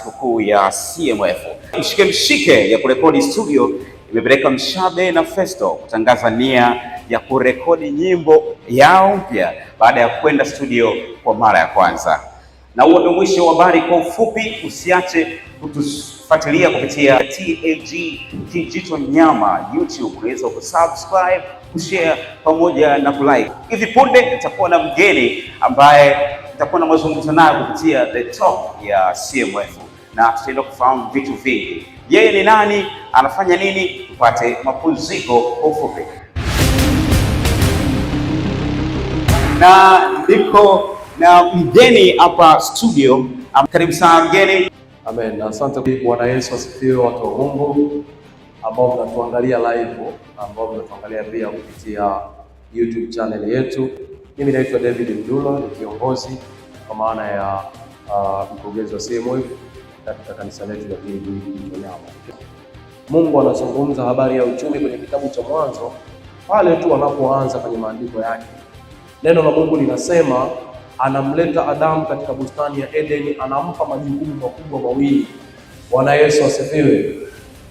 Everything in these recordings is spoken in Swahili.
sikukuu ya CMF. Mshike mshike ya kurekodi studio imepeleka Mshabe na Festo kutangaza nia ya kurekodi nyimbo yao mpya baada ya kwenda studio kwa mara ya kwanza. Na huo ndio mwisho wa habari kwa ufupi. Usiache kutufuatilia kupitia TAG Kijito Nyama YouTube, unaweza kusubscribe, kushare pamoja na kulike. Hivi punde nitakuwa na mgeni ambaye nitakuwa na mazungumzo nayo kupitia the talk ya CMF na tutaenda kufahamu vitu vingi. Yeye ni nani? Anafanya nini? Tupate mapumziko kwa ufupi. Na niko na mgeni hapa studio. Karibu sana mgeni. Amen. Asante. Bwana Yesu asifiwe, watu wa Mungu ambao mnatuangalia live, ambao mnatuangalia pia kupitia YouTube channel yetu. Mimi naitwa David Mdula, ni kiongozi kwa maana ya uh, mkurugenzi uh, wa CMF katika kanisa letu la Kinyawa. Mungu anazungumza habari ya uchumi kwenye kitabu cha Mwanzo pale tu anapoanza kwenye maandiko yake. Neno la Mungu linasema anamleta Adamu katika bustani ya Edeni, anampa majukumu makubwa mawili. Bwana Yesu asifiwe.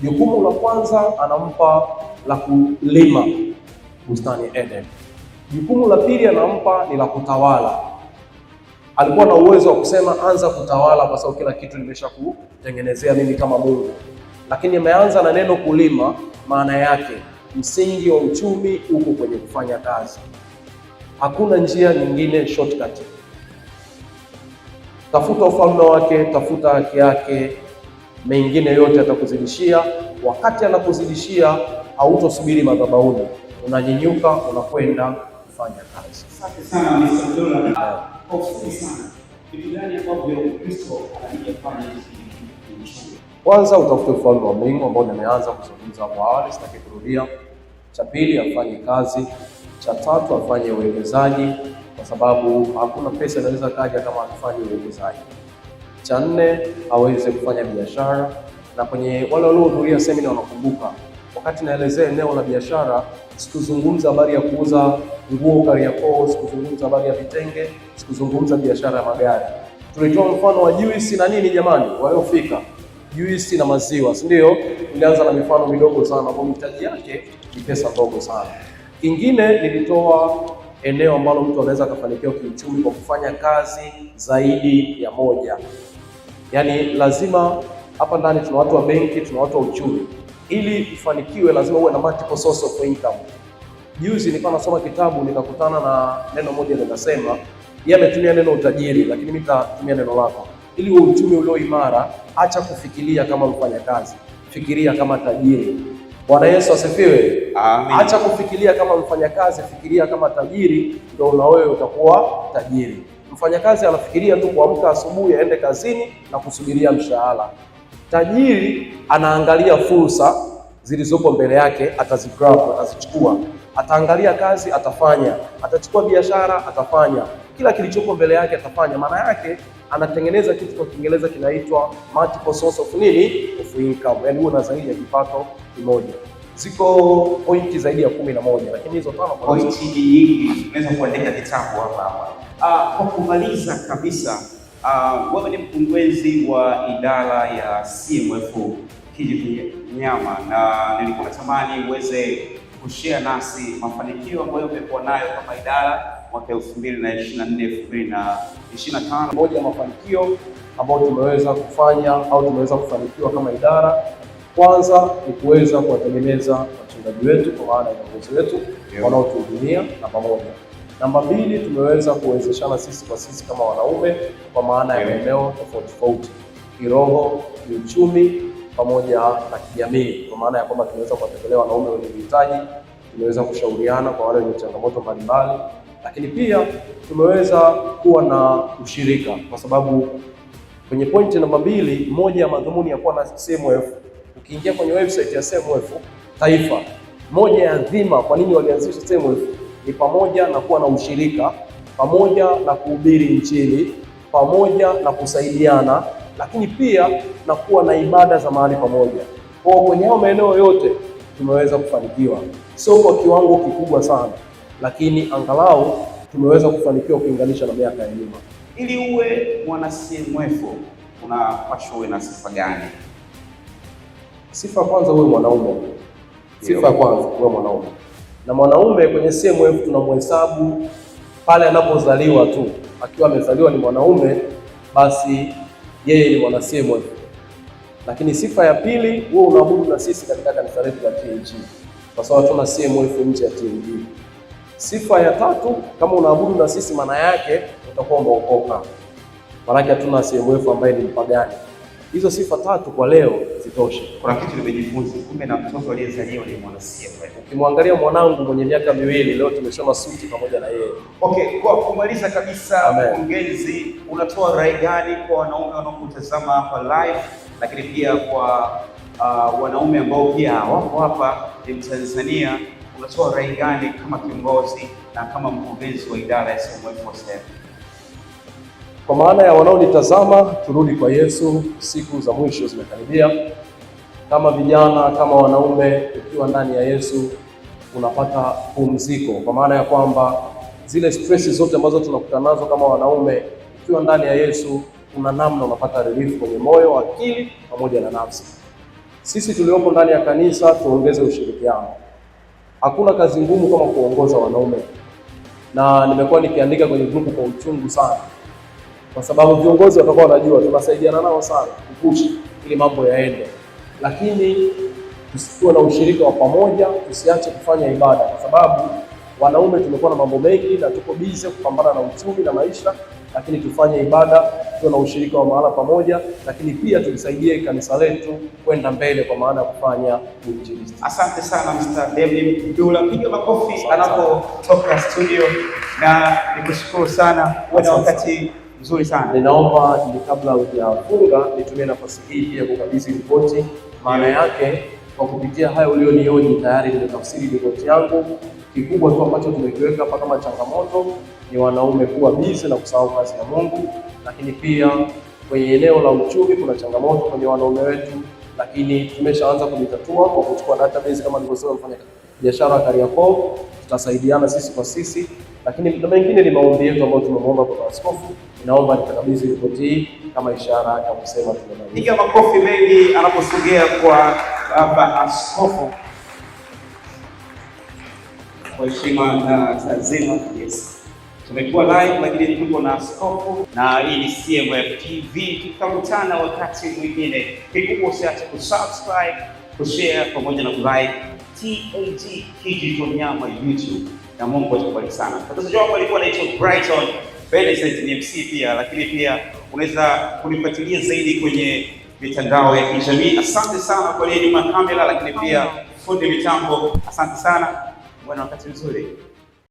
Jukumu la kwanza anampa la kulima bustani ya Edeni, jukumu la pili anampa ni la kutawala alikuwa na uwezo wa kusema anza kutawala, kwa sababu kila kitu nimeshakutengenezea mimi kama Mungu. Lakini ameanza na neno kulima, maana yake msingi wa uchumi uko kwenye kufanya kazi. Hakuna njia nyingine shortcut. Tafuta ufalme wake, tafuta haki yake, mengine yote atakuzidishia. Wakati anakuzidishia, hautosubiri madhabahuni, unanyinyuka unakwenda kufanya kazi. Asante sana Mr. Dola. Ah, sana. Vitu gani ambavyo Kristo anakuja kufanya hizi? Kwanza utafute ufalme wa Mungu ambao nimeanza kuzungumza hapo awali, sitaki kurudia. Cha pili afanye kazi, cha tatu afanye uwekezaji, kwa sababu hakuna pesa inaweza kaja kama hatufanyi uwekezaji. Cha nne aweze kufanya biashara, na kwenye wale waliohudhuria semina wanakumbuka Wakati naelezea eneo la biashara, sikuzungumza habari ya kuuza nguo Kariakoo, sikuzungumza habari ya vitenge, sikuzungumza biashara ya magari. Tulitoa mfano wa juisi na nini, jamani, waliofika juisi na maziwa, si ndio? Nilianza na mifano midogo sana, ambayo mitaji yake ni pesa ndogo sana. Kingine nilitoa eneo ambalo mtu anaweza akafanikiwa kiuchumi kwa kufanya kazi zaidi ya moja. Yaani lazima hapa ndani tuna watu wa benki, tuna watu wa uchumi ili ufanikiwe lazima uwe na multiple source of income. Juzi nilikuwa nasoma kitabu nikakutana na neno moja linasema, yeye ametumia neno utajiri, lakini mimi nitatumia neno lako. Ili uwe uchumi ulio imara, acha kufikiria kama mfanyakazi, fikiria kama tajiri. Bwana Yesu asifiwe. Amen. Acha kufikiria kama mfanyakazi, fikiria kama tajiri, ndio na wewe utakuwa tajiri. Mfanyakazi anafikiria tu kuamka asubuhi aende kazini na kusubiria mshahara. Tajiri anaangalia fursa zilizopo mbele yake, atazigrab, atazichukua, ataangalia kazi, atafanya, atachukua biashara, atafanya kila kilichopo mbele yake atafanya. Maana yake anatengeneza kitu kwa Kiingereza kinaitwa multiple source of nini, of income, yani huwa na zaidi ya kipato kimoja. Ziko pointi zaidi ya kumi na moja, lakini hizo tano pointi nyingi unaweza kuandika kitabu hapa hapa. Ah, kwa kumaliza kabisa Uh, wewe ni mkurugenzi wa idara ya CMF Kijiji Nyama, na nilikuwa natamani uweze kushare nasi mafanikio ambayo umekuwa nayo kama idara mwaka 2024 2025. Moja ya mafanikio ambayo tumeweza kufanya au tumeweza kufanikiwa kama idara, kwanza ni kuweza kuwatengeneza wachungaji wetu kwa maana ya viongozi wetu wanaotuhudumia na pamoja Namba mbili, tumeweza kuwezeshana sisi kwa sisi kama wanaume kwa maana ya maeneo tofauti tofauti, kiroho, kiuchumi pamoja na kijamii, kwa maana ya kwamba tumeweza kuwatembelea wanaume wenye uhitaji, tumeweza kushauriana kwa wale wenye changamoto mbalimbali, lakini pia tumeweza kuwa na ushirika, kwa sababu kwenye pointi namba mbili, moja ya madhumuni ya kuwa na CMF, ukiingia kwenye website ya CMF Taifa, moja ya dhima kwa nini walianzisha CMF ni pamoja na kuwa na ushirika, pamoja na kuhubiri Injili, pamoja na kusaidiana, lakini pia na kuwa na ibada za mahali pamoja. Kwa kwenye hayo maeneo yote tumeweza kufanikiwa, sio kwa kiwango kikubwa sana, lakini angalau tumeweza kufanikiwa ukilinganisha na miaka ya nyuma. Ili uwe mwana CMF unapaswa uwe na sifa gani? Sifa ya kwanza uwe mwanaume. Sifa ya kwanza uwe mwanaume na mwanaume kwenye CMF tunamhesabu pale anapozaliwa tu, akiwa amezaliwa ni mwanaume, basi yeye ni mwana CMF. Lakini sifa ya pili, wewe unaabudu na sisi katika kanisa letu la TNG, kwa sababu tuna CMF nje ya TNG. Sifa ya tatu, kama unaabudu na sisi, maana yake utakuwa umeokoka, maanake hatuna CMF ambaye ni mpagani. Hizo sifa tatu kwa leo Isitoshe, kuna kitu nimejifunza, kumbe na mtoto aliyezaliwa ni mwanasia. Ukimwangalia mwanangu mwenye miaka miwili leo tumesoma suti pamoja na yeye. Okay, kwa kumaliza kabisa, mkurugenzi, unatoa rai gani kwa wanaume wanaokutazama hapa live, lakini pia kwa uh, wanaume ambao pia wako hapa ni Mtanzania, unatoa rai gani kama kiongozi na kama mkurugenzi wa idara ya SMF? Kwa maana ya wanaonitazama, turudi kwa Yesu, siku za mwisho zimekaribia. Kama vijana, kama wanaume, ukiwa ndani ya Yesu unapata pumziko, kwa maana ya kwamba zile stress zote ambazo tunakutana nazo kama wanaume, ukiwa ndani ya Yesu kuna namna unapata relief kwenye moyo, akili pamoja na nafsi. Sisi tuliopo ndani ya kanisa tuongeze ushirikiano. Hakuna kazi ngumu kama kuongoza wanaume, na nimekuwa nikiandika kwenye grupu kwa uchungu sana kwa sababu viongozi watakuwa wanajua tunasaidiana nao sana kupushi ili mambo yaende, lakini tusikuwe na ushirika wa pamoja, tusiache kufanya ibada, kwa sababu wanaume tumekuwa na mambo mengi na tuko bize kupambana na uchumi na maisha, lakini tufanye ibada, tuwe na ushirika wa mahala pamoja, lakini pia tulisaidie kanisa letu kwenda mbele kwa maana ya kufanya uinjilisti. Asante sana Mr. David Mdula, piga makofi anapotoka studio, na nikushukuru sana, huwe wakati Nzuri sana. Ninaomba kabla hujafunga nitumie nafasi hii pia kukabidhi ripoti, maana yake kwa kupitia hayo ulionioni tayari nimetafsiri ripoti yangu. Kikubwa tu ambacho tumekiweka hapa kama changamoto ni wanaume kuwa bize na kusahau kazi ya Mungu, lakini pia kwenye eneo la uchumi kuna changamoto kwenye wanaume wetu, lakini tumeshaanza kulitatua kwa kuchukua database kama nilivyosema mfanyakazi biashara ya Kariakoo, tutasaidiana sisi kwa sisi, lakini na mengine ni maombi yetu ambayo tumemwomba kwa askofu. Naomba nitakabidhi ripoti hii kama ishara ya kusema tumemaliza. Piga makofi mengi anaposogea kwa baba askofu kwa heshima na tazima Yes, Tumekuwa live lakini tuko na askofu na hii ni CMF TV, tutakutana wakati mwingine. Kikubwa usiache kusubscribe, kushare pamoja na kulike. TAT Digital Nyama YouTube, na Mungu atubariki sana. Mtangazaji wangu alikuwa anaitwa Brighton Benson, ni MC pia, lakini pia unaweza kunifuatilia zaidi kwenye mitandao ya kijamii. Asante sana kwa leo nyuma kamera, lakini pia fundi mitambo, asante sana. Bwana, wakati mzuri.